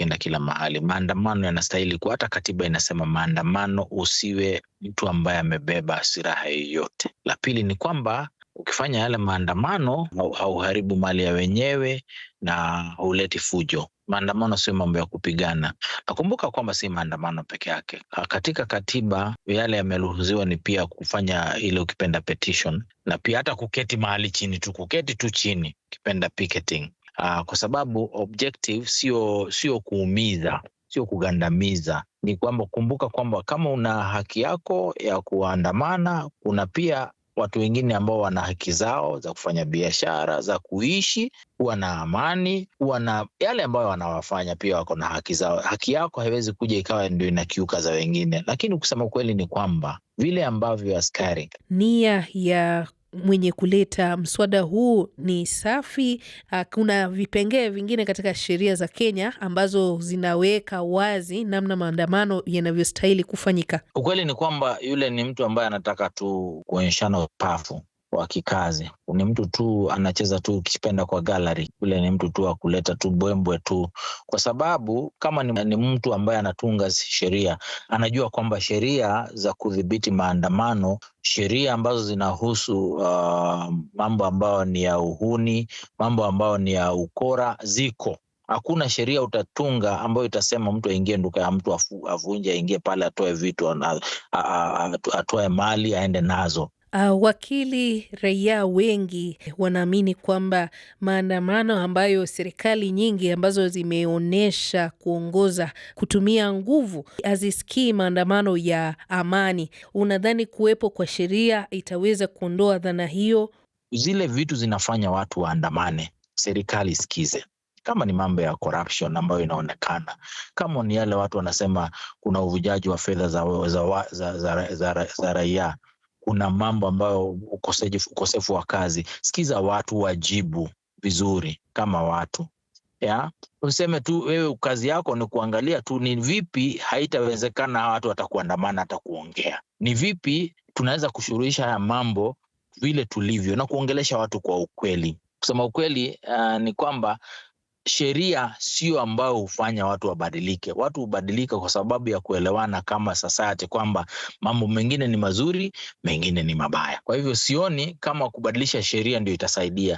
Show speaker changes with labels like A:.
A: ukienda kila mahali. Maandamano yanastahili kuwa, hata katiba inasema maandamano, usiwe mtu ambaye amebeba silaha yoyote. La pili ni kwamba ukifanya yale maandamano hauharibu mali ya wenyewe na huleti fujo. Maandamano sio mambo ya kupigana. Nakumbuka kwamba si maandamano peke yake, ah, katika katiba yale yameruhusiwa ni pia kufanya ile ukipenda petition, na pia hata kuketi mahali chini tu, kuketi tu chini, ukipenda picketing uh, kwa sababu objective sio sio kuumiza, sio kugandamiza. Ni kwamba kumbuka kwamba kama una haki yako ya kuandamana, kuna pia watu wengine ambao wana haki zao za kufanya biashara, za kuishi, kuwa na amani, kuwa na yale ambayo wanawafanya, pia wako na haki zao. Haki yako haiwezi kuja ikawa ndio inakiuka za wengine, lakini kusema kweli ni kwamba vile ambavyo askari
B: nia ya mwenye kuleta mswada huu ni Safi. Ah, kuna vipengee vingine katika sheria za Kenya ambazo zinaweka wazi namna maandamano yanavyostahili kufanyika.
A: Ukweli ni kwamba yule ni mtu ambaye anataka tu kuonyeshana upafu wa kikazi. Ni mtu tu anacheza tu, ukipenda kwa gallery, yule ni mtu tu wa kuleta tu bwembwe tu, kwa sababu kama ni, ni mtu ambaye anatunga sheria, anajua kwamba sheria za kudhibiti maandamano, sheria ambazo zinahusu uh, mambo ambayo ni ya uhuni, mambo ambayo ni ya ukora ziko Hakuna sheria utatunga ambayo itasema mtu aingie duka ya mtu avunje, aingie pale, atoe vitu, atoe mali, aende nazo.
B: Uh, wakili raia wengi wanaamini kwamba maandamano ambayo serikali nyingi ambazo zimeonyesha kuongoza kutumia nguvu hazisikii maandamano ya amani. Unadhani kuwepo kwa sheria itaweza kuondoa dhana hiyo?
A: Zile vitu zinafanya watu waandamane, serikali isikize kama ni mambo ya corruption ambayo inaonekana, kama ni yale watu wanasema kuna uvujaji wa fedha za, za, za, za, za, za, za raia kuna mambo ambayo ukosefu, wa kazi. Sikiza watu wajibu vizuri kama watu ya useme tu wewe kazi yako ni kuangalia tu ni vipi haitawezekana watu watakuandamana hata kuongea, ni vipi tunaweza kushuruhisha haya mambo vile tulivyo na kuongelesha watu kwa ukweli. Kusema ukweli, uh, ni kwamba sheria sio ambayo hufanya watu wabadilike. Watu hubadilika kwa sababu ya kuelewana kama society kwamba mambo mengine ni mazuri, mengine ni mabaya. Kwa hivyo sioni kama kubadilisha sheria ndio itasaidia.